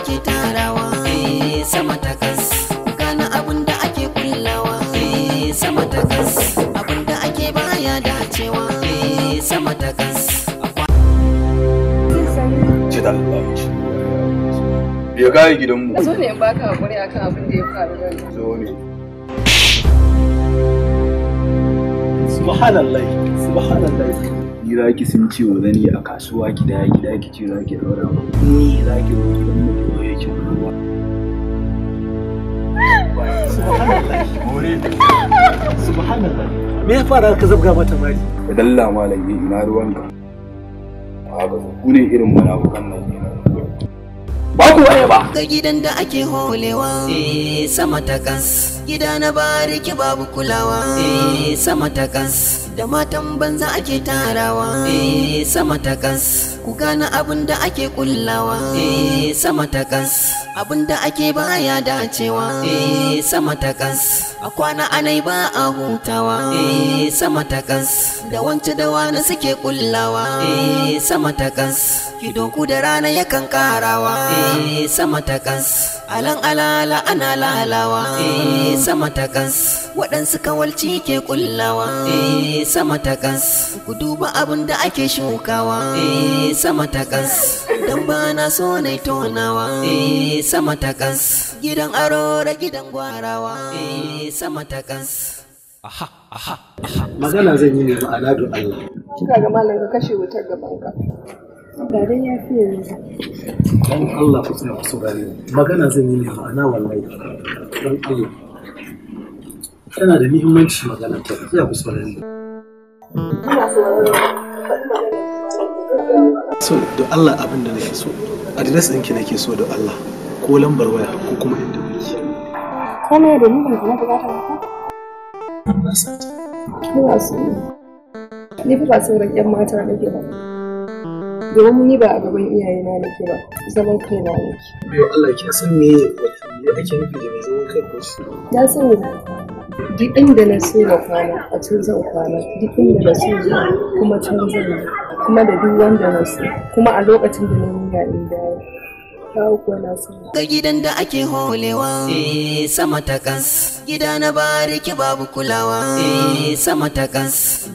ake tarawa eh sama takas gana abin da ake kullawa eh sama takas abin da ake baya dacewa eh sama takas jida ya gaya gidanmu zo ne in baka hakuri akan abin da ya faru zo ne subhanallah subhanallah ni za ki sun ce wa zani a kasuwa ki da ki da ki ce za ki daura ni za ki roƙi me ya fara ka zabga mata mari da dalla malam ne ina ruwan ka. ba ku kune irin munafukan nan ne ba ku waye ba ga gidan da ake holewa eh, sama ta kas gida na bariki babu kulawa eh, sama ta kas da matan banza ake tarawa eh, sama ta kas ku gana abin da ake kullawa sama ta kas abinda ake baya dacewa eh sama takas a kwana anai ba a hutawa eh sama takas da wance da wani suke kullawa eh sama takas ku da rana yakan karawa eh sama takas alan alala ana lalawa eh sama takas waɗansu kawalci ke kullawa eh sama takas ku duba abin da ake shukawa eh sama takas ba na so na tonawa eh sama takas gidan arora gidan gwarawa eh sama takas magana zan yi ne ma'ana da Allah kika ga malam ka kashe wutar gaban ka ba ya fiye yanzu dan Allah ku tsaya ku saurare magana zan yi ne ma'ana wallahi dan Allah Yana da muhimmanci magana ta ya ku saurare so da Allah abin da nake so adres ɗinki nake so da Allah ko lambar waya ko kuma inda kuke kana da nufin ka na bukatar ka ko san ina so ni ba sauran yan mata nake ba domin ni ba a gaban iyayena nake ba zaman kai na nake yau Allah ki san me ya ake nufi da mai zaman kai ko su na sani duk inda na so na kwana a can zan kwana duk inda na so zuwa kuma can zan yi kuma da duk wanda na so kuma a lokacin da na nuna in dawo Ga gidan da ake holewa eh, sama takas, gida na bariki babu kulawa eh, sama takas.